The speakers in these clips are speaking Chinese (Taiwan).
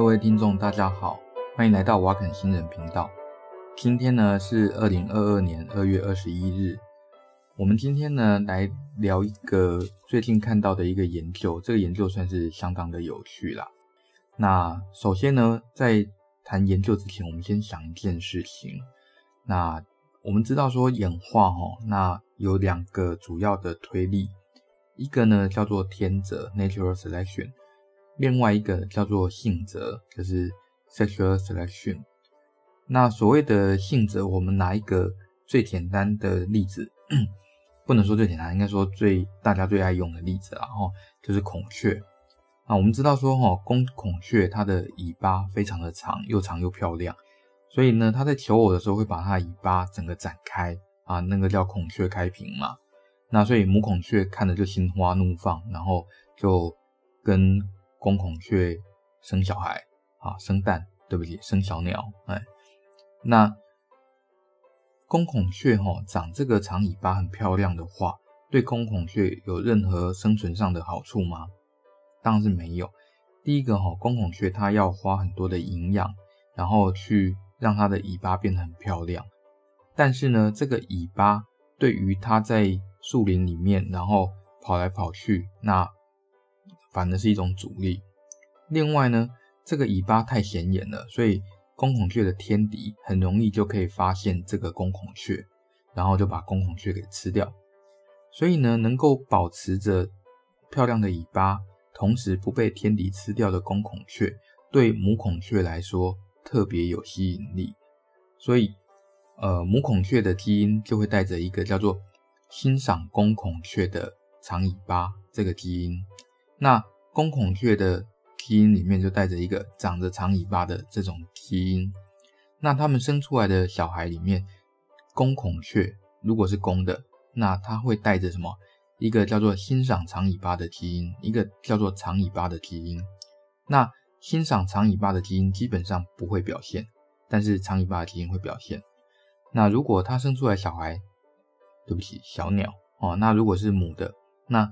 各位聽眾，大家好，歡迎來到瓦肯新人頻道。今天呢是二零二二年二月二十一日。我們今天呢來聊一個最近看到的一個研究，這個研究算是相當的有趣啦。那首先呢，在談研究之前，我們先想一件事情。那我們知道說演化哦，那有兩個主要的推力，一個呢叫做天擇 （Natural selection）。另外一個叫做性擇，就是 sexual selection。那所謂的性擇，我們拿一個最簡單的例子，不能說最簡單，應該說最大家最愛用的例子然哈、哦，就是孔雀。啊，我們知道說吼，公、哦、孔雀它的尾巴非常的長，又長又漂亮，所以呢，它在求偶的時候會把它的尾巴整個展開，啊，那個叫孔雀開屏嘛。那所以母孔雀看着就心花怒放，然後就跟公孔雀生小孩啊，生蛋，對不起，生小鳥。哎、嗯，那公孔雀哈、哦、長這個長尾巴很漂亮的話，對公孔雀有任何生存上的好處嗎？當然是沒有。第一個哈、哦，公孔雀它要花很多的營養，然後去讓它的尾巴變得很漂亮。但是呢，這個尾巴對於它在樹林裡面，然後跑來跑去，那反而是一種阻力。另外呢，這個尾巴太顯眼了，所以公孔雀的天敵很容易就可以發現這個公孔雀，然後就把公孔雀給吃掉。所以呢，能夠保持着漂亮的尾巴，同時不被天敵吃掉的公孔雀，對母孔雀來說特別有吸引力。所以，呃，母孔雀的基因就會帶着一個叫做欣賞公孔雀的長尾巴這個基因。那公孔雀的基因裡面就帶着一個長着長尾巴的這種基因，那他們生出來的小孩裡面，公孔雀如果是公的，那他會帶着什麼？一個叫做欣賞長尾巴的基因，一個叫做長尾巴的基因。那欣賞長尾巴的基因基本上不會表現，但是長尾巴的基因會表現。那如果他生出來小孩，對不起，小鳥哦，那如果是母的，那。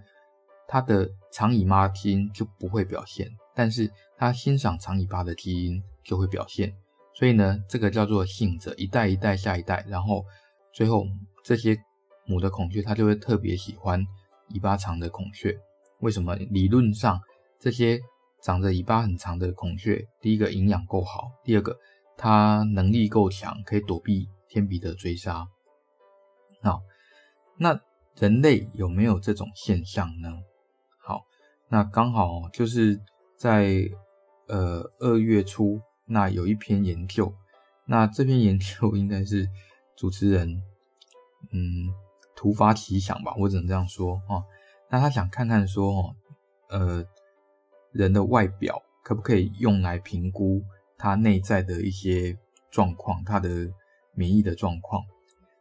它的長尾巴基因就不會表現，但是它欣賞長尾巴的基因就會表現。所以呢，這個叫做性擇，一代一代下一代，然後最後這些母的孔雀，它就會特別喜歡尾巴長的孔雀。為什麼？理論上，這些長着尾巴很長的孔雀，第一個營養夠好，第二個它能力夠強，可以躲避天敵的追殺。好，那人類有沒有這種現象呢？那剛好就是在呃二月初，那有一篇研究，那這篇研究應該是主持人嗯突發奇想吧，我只能這樣說哦，那他想看看說，哦，呃人的外表可不可以用來評估他內在的一些狀況，他的免疫的狀況。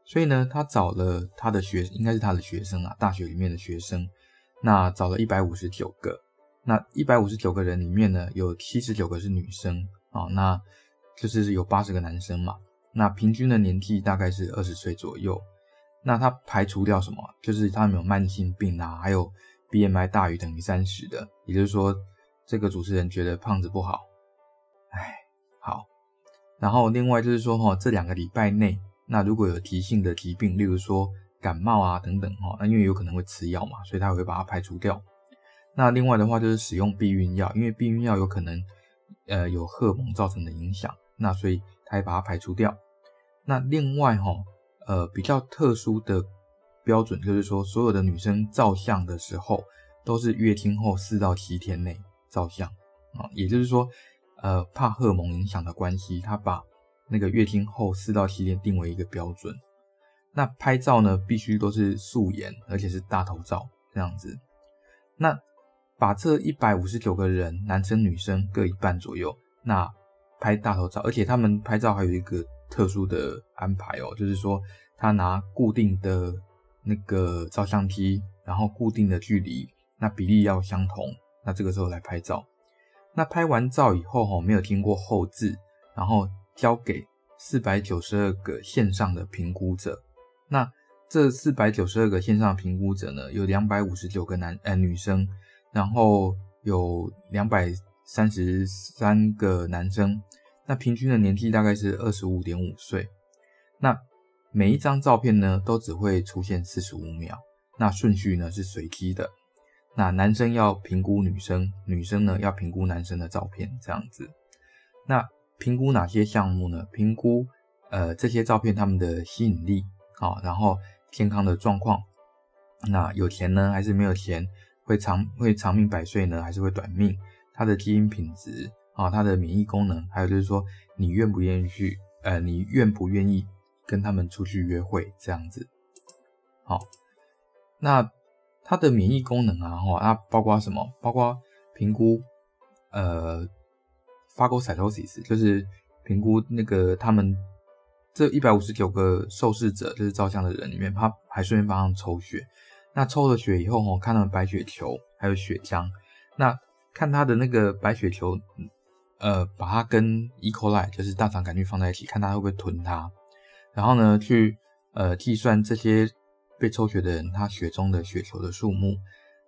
所以呢，他找了他的學，應該是他的學生啊，大學裡面的學生。那找了一百五十九個，那一百五十九個人裡面呢，有七十九個是女生啊，那就是有八十個男生嘛。那平均的年紀大概是二十歲左右。那他排除掉什麼？就是他們有慢性病啊，還有 BMI 大於等於三十的。也就是說，這個主持人覺得胖子不好。哎，好。然後另外就是說，哈，這兩個禮拜內，那如果有急性的疾病，例如說。感冒啊等等哈，那因為有可能會吃藥嘛，所以他會把它排除掉。那另外的話就是使用避孕藥，因為避孕藥有可能呃有荷爾蒙造成的影響，那所以他也把它排除掉。那另外哈，呃比較特殊的標準就是說，所有的女生照相的時候都是月經後四到七天內照相啊，也就是說，呃怕荷爾蒙影響的關係，他把那個月經後四到七天定為一個標準。那拍照呢，必須都是素顏，而且是大頭照這樣子。那把這一百五十九個人，男生女生各一半左右，那拍大頭照，而且他們拍照還有一個特殊的安排哦、喔，就是說他拿固定的那個照相機，然後固定的距離，那比例要相同。那這個時候來拍照。那拍完照以後哈、喔，沒有經過後製，然後交給四百九十二個線上的評估者。那這四百九十二個線上評估者呢，有兩百五十九個男呃、女生，然後有兩百三十三個男生，那平均的年紀大概是二十五點五歲。那每一張照片呢，都只會出現四十五秒，那順序呢是隨機的。那男生要評估女生，女生呢要評估男生的照片，這樣子。那評估哪些項目呢？評估呃這些照片他們的吸引力。好，然後健康的狀況，那有錢呢還是沒有錢會長會長命百歲呢還是會短命？它的基因品質啊、哦，它的免疫功能，還有就是說你願不願意去，呃，你願不願意跟他們出去約會這樣子？好，那它的免疫功能啊，哈、哦，它包括什麼？包括評估，呃，phagocytosis 就是評估那個他們。這一百五十九個受試者，就是照相的人裡面，他還順便幫他們抽血。那抽了血以後，哈，看到白血球，還有血漿。那看他的那個白血球，呃，把它跟 E. coli，就是大腸桿菌放在一起，看它會不會吞它。然後呢，去呃計算這些被抽血的人他血中的血球的數目。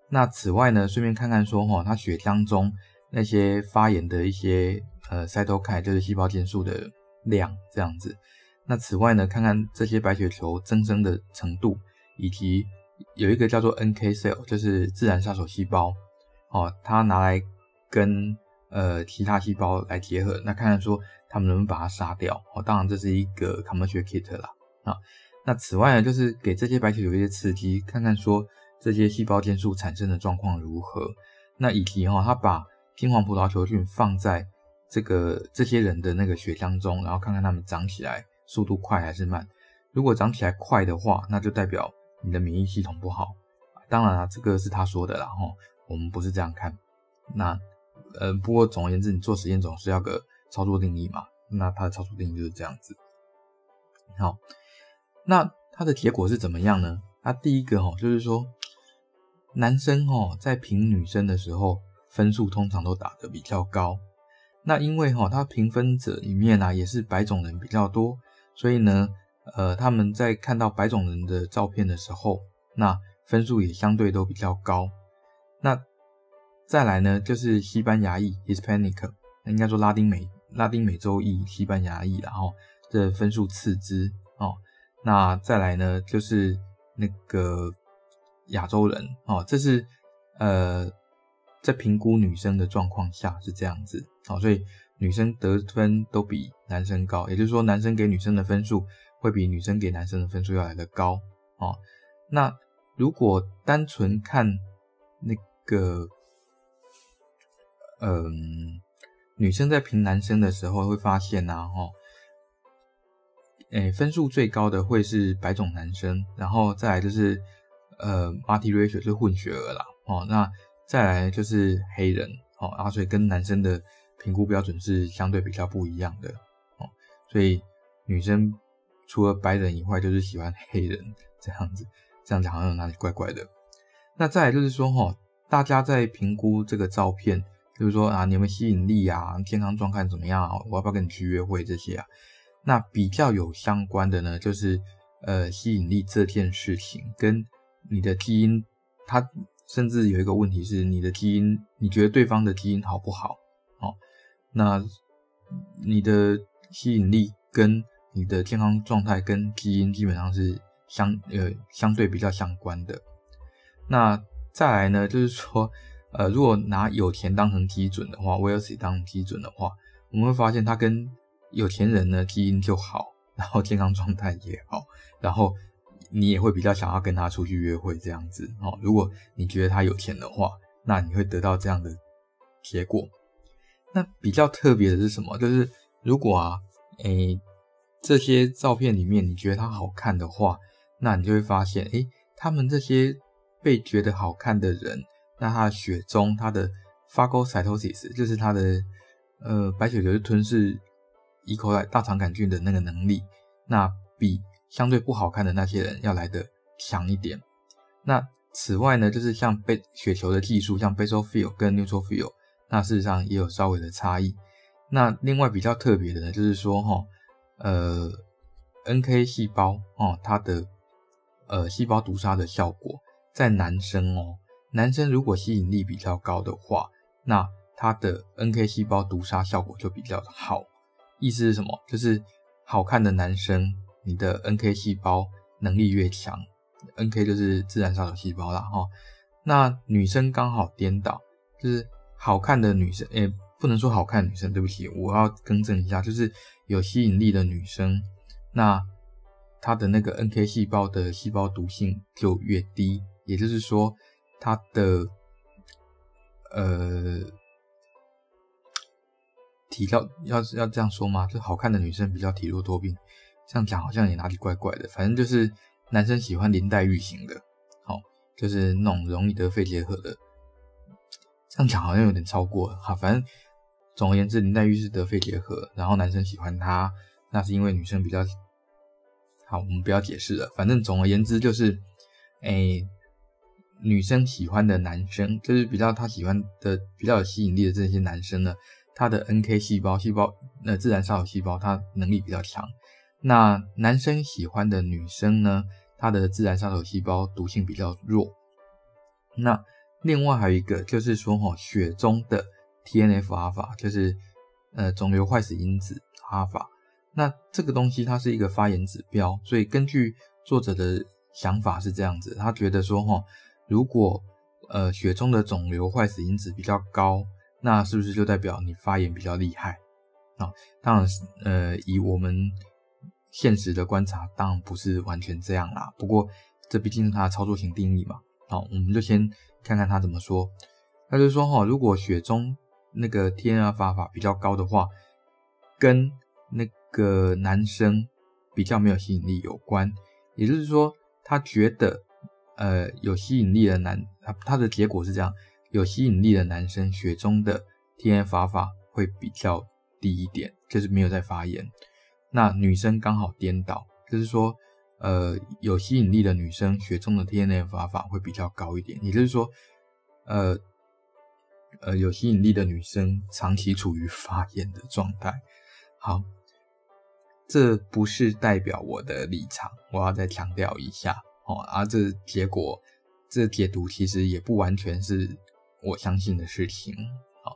那此外呢，順便看看說，哈、哦，他血漿中那些發炎的一些呃塞頭凱，Cytokine，就是細胞間素的量，這樣子。那此外呢，看看這些白血球增生的程度，以及有一個叫做 NK cell，就是自然殺手細胞，哦，它拿來跟呃其他細胞來結合，那看看說他們能不能把它殺掉。哦，當然這是一個 commercial kit 啦。啊、哦，那此外呢，就是給這些白血球一些刺激，看看說這些細胞激素產生的狀況如何。那以及哈、哦，他把金黃葡萄球菌放在這個這些人的那個血漿中，然後看看它們長起來速度快還是慢？如果長起來快的話，那就代表你的免疫系統不好。當然了，這個是他說的啦，然後我們不是這樣看。那呃，不過總而言之，你做實驗總是要個操作定義嘛。那他的操作定義就是這樣子。好，那它的結果是怎麼樣呢？它第一個哦，就是說男生哦在評女生的時候，分數通常都打得比較高。那因為哈、哦，他評分者裡面呢、啊，也是白種人比較多。所以呢，呃，他們在看到白種人的照片的時候，那分數也相對都比較高。那再來呢，就是西班牙裔 （Hispanic），應該說拉丁美拉丁美洲裔，西班牙裔，然後這分數次之哦。那再來呢，就是那個亞洲人哦，這是呃，在評估女生的狀況下是這樣子哦，所以。女生得分都比男生高，也就是說，男生給女生的分數會比女生給男生的分數要來的高哦。那如果單純看那個，嗯、呃，女生在評男生的時候會發現呢、啊，哦，誒，分數最高的會是白種男生，然後再來就是呃 multiracial 就是混血兒啦，哦，那再來就是黑人，哦，啊，所以跟男生的。評估標準是相對比較不一樣的哦，所以女生除了白人以外，就是喜歡黑人這樣子。這樣子好像有哪裡怪怪的。那再來就是說哈，大家在評估這個照片，就是說啊，你有沒有吸引力啊，健康狀態怎麼樣啊，我要不要跟你去約會這些啊？那比較有相關的呢，就是呃，吸引力這件事情跟你的基因，它甚至有一個問題是你的基因，你覺得對方的基因好不好？那你的吸引力跟你的健康狀態跟基因基本上是相呃相對比較相關的。那再來呢，就是說，呃，如果拿有錢當成基準的話，wealthy 當成基準的話，我們會發現他跟有錢人呢基因就好，然後健康狀態也好，然後你也會比較想要跟他出去約會這樣子。哦，如果你覺得他有錢的話，那你會得到這樣的結果。那比較特別的是什麼？就是如果啊，誒、欸，這些照片裡面你覺得它好看的話，那你就會發現，誒、欸，他們這些被覺得好看的人，那他的血中他的 phagocytosis 就是他的呃白血球吞噬 E. coli 大腸桿菌的那個能力，那比相對不好看的那些人要來得強一點。那此外呢，就是像白血球的技術，像 basophil 跟 neutrophil。那事實上也有稍微的差異。那另外比較特別的呢，就是說哈，呃，NK 細胞哦，它的呃細胞毒殺的效果，在男生哦、喔，男生如果吸引力比較高的話，那他的 NK 細胞毒殺效果就比較好。意思是什麼？就是好看的男生，你的 NK 細胞能力越強，NK 就是自然殺手細胞啦。哈。那女生剛好顛倒，就是。好看的女生，誒、欸、不能說好看的女生，對不起，我要更正一下，就是有吸引力的女生，那她的那個 NK 細胞的細胞毒性就越低，也就是說，她的呃體弱，要是要這樣說嗎？就好看的女生比較體弱多病，這樣講好像也哪裡怪怪的。反正就是男生喜歡林黛玉型的，好，就是那種容易得肺結核的。這樣講好像有點超過了哈，反正總而言之，林黛玉是得肺結核，然後男生喜歡她，那是因為女生比較好，我們不要解釋了。反正總而言之就是，哎、欸，女生喜歡的男生，就是比較他喜歡的比較有吸引力的這些男生呢，他的 NK 細胞細胞呃自然殺手細胞，他能力比較強。那男生喜歡的女生呢，他的自然殺手細胞毒性比較弱。那。另外還有一個就是說、哦，哈，血中的 TNF 阿爾法就是呃腫瘤壞死因子阿爾法，那這個東西它是一個發炎指標，所以根據作者的想法是這樣子，他覺得說哈、哦，如果呃血中的腫瘤壞死因子比較高，那是不是就代表你發炎比較厲害？啊、哦，當然呃以我們現實的觀察，當然不是完全這樣啦。不過這畢竟是它的操作型定義嘛，好、哦，我們就先。看看他怎麼說，他就說哈、哦，如果血中那個 T N F 法法比較高的話，跟那個男生比較沒有吸引力有關。也就是說，他覺得呃有吸引力的男，他他的結果是這樣，有吸引力的男生血中的 T N F 法法會比較低一點，就是沒有在發言。那女生剛好顛倒，就是說。呃，有吸引力的女生，血中的 T N F 發法，法會比較高一點，也就是說，呃，呃，有吸引力的女生長期處於發炎的狀態。好，這不是代表我的立場，我要再強調一下哦。而、啊、這結果，這解讀其實也不完全是我相信的事情。好、哦，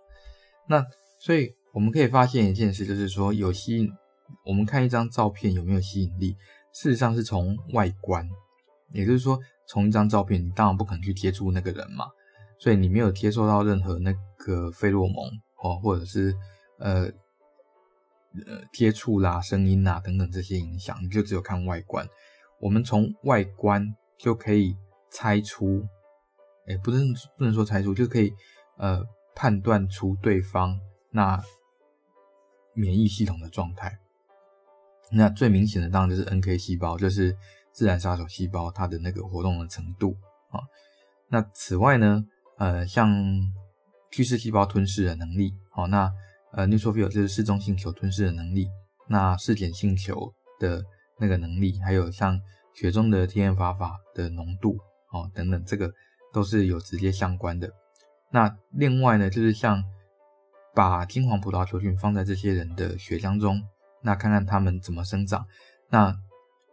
那所以我們可以發現一件事，就是說有吸引，我們看一張照片有沒有吸引力。事實上是從外觀，也就是說，從一張照片，你當然不可能去接觸那個人嘛，所以你沒有接受到任何那個費洛蒙哦，或者是呃呃接觸啦、啊、聲音啦、啊，等等這些影響，你就只有看外觀。我們從外觀就可以猜出，哎、欸，不能不能說猜出，就可以呃判斷出對方那免疫系統的狀態。那最明顯的當然就是 NK 細胞，就是自然殺手細胞，它的那個活動的程度啊。那此外呢，呃，像巨噬細胞吞噬的能力，好，那呃，neutrophil 就是嗜中性球吞噬的能力，那嗜鹼性球的那個能力，還有像血中的 TNF-α 的濃度哦、呃，等等，這個都是有直接相關的。那另外呢，就是像把金黃葡萄球菌放在這些人的血漿中。那看看他們怎麼生長，那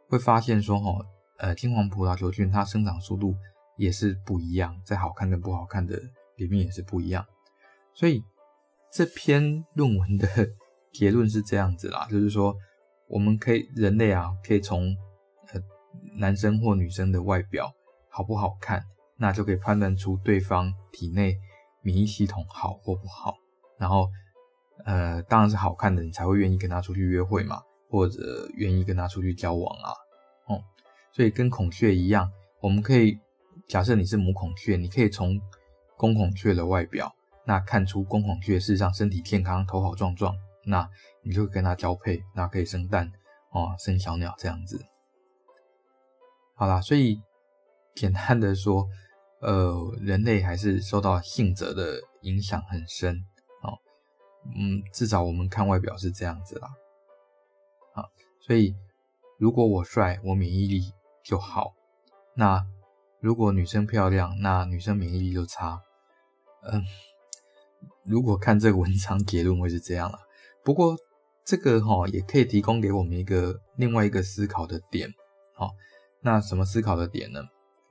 會發現說，哈、哦，呃，金黃葡萄球菌它生長速度也是不一樣，在好看跟不好看的裡面也是不一樣。所以這篇論文的結論是這樣子啦，就是說我們可以人類啊可以從呃男生或女生的外表好不好看，那就可以判斷出對方體內免疫系統好或不好，然後。呃，當然是好看的，你才會願意跟他出去約會嘛，或者願意跟他出去交往啊，哦、嗯，所以跟孔雀一樣，我們可以假設你是母孔雀，你可以從公孔雀的外表，那看出公孔雀事實上身體健康，頭好壯壯，那你就跟他交配，那可以生蛋，哦、嗯，生小鳥這樣子。好啦，所以簡單的說，呃，人類還是受到性擇的影響很深。嗯，至少我們看外表是這樣子啦，啊，所以如果我帥，我免疫力就好；那如果女生漂亮，那女生免疫力就差。嗯，如果看這個文章結論會是這樣啦。不過這個哈、哦、也可以提供給我們一個另外一個思考的點，好、啊，那什麼思考的點呢？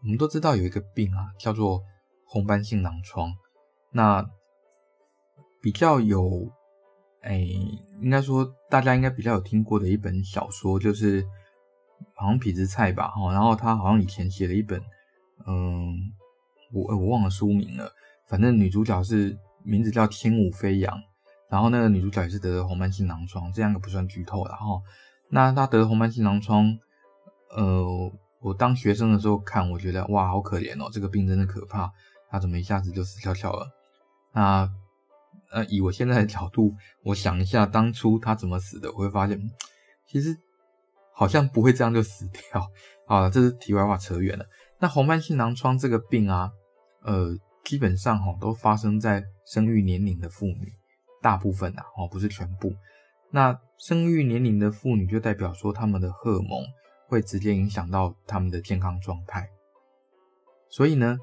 我們都知道有一個病啊，叫做紅斑性狼瘡，那。比較有，誒、欸、應該說大家應該比較有聽過的一本小說，就是《痞子蔡》吧，哈。然後他好像以前寫了一本，嗯，我、欸、我忘了書名了。反正女主角是名字叫輕舞飛揚，然後那個女主角也是得了紅斑性狼瘡，這樣也不算劇透了哈、哦。那她得了紅斑性狼瘡，呃，我當學生的時候看，我覺得哇，好可憐哦，這個病真的可怕，她怎麼一下子就死翹翹了？那。呃，以我現在的角度，我想一下當初他怎麼死的，我會發現，其實好像不會這樣就死掉。好了，這是題外話，扯遠了。那紅斑性囊瘡這個病啊，呃，基本上哈，都發生在生育年齡的婦女，大部分啊哦不是全部。那生育年齡的婦女就代表說，他們的荷爾蒙會直接影響到他們的健康狀態。所以呢，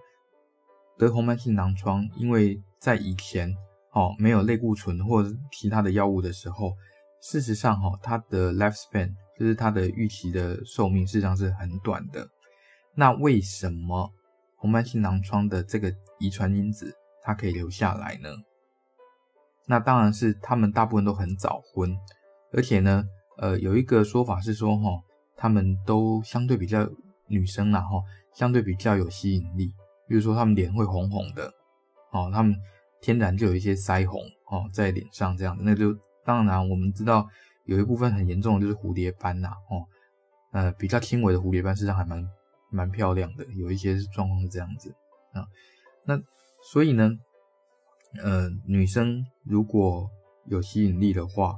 得紅斑性囊瘡，因為在以前。哦，沒有類固醇或是其他的藥物的時候，事實上、哦，哈，它的 lifespan 就是它的預期的壽命，事實上是很短的。那為什麼紅斑性狼瘡的這個遺傳因子它可以留下來呢？那當然是他們大部分都很早婚，而且呢，呃，有一個說法是說，哈、哦，他們都相對比較女生了、啊哦，相對比較有吸引力，比如說他們臉會紅紅的，哦，他們。天然就有一些腮紅哦，在臉上這樣子，那就當然、啊、我們知道有一部分很嚴重的就是蝴蝶斑吶、啊、哦，呃比較輕微的蝴蝶斑實際上還蠻蠻漂亮的，有一些狀況是這樣子啊、哦，那所以呢，呃女生如果有吸引力的話，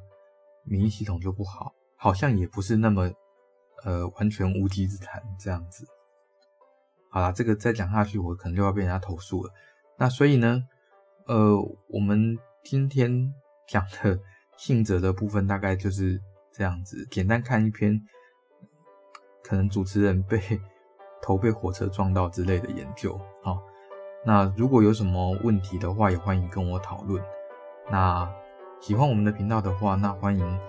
免疫系統就不好，好像也不是那麼呃完全無稽之談這樣子。好了，這個再講下去我可能就要被人家投訴了，那所以呢？呃，我們今天講的性質的部分大概就是這樣子，簡單看一篇，可能主持人被頭被火車撞到之類的研究。好，那如果有什麼問題的話，也歡迎跟我討論。那喜歡我們的頻道的話，那歡迎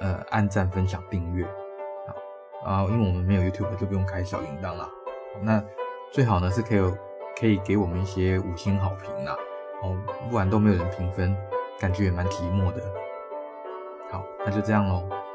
呃按贊、分享、訂閱。啊啊，因為我們沒有 YouTube，就不用開小鈴鐺了。那最好呢是可以可以給我們一些五星好評啦。哦，不然都沒有人評分，感覺也蠻寂寞的。好，那就這樣嘍。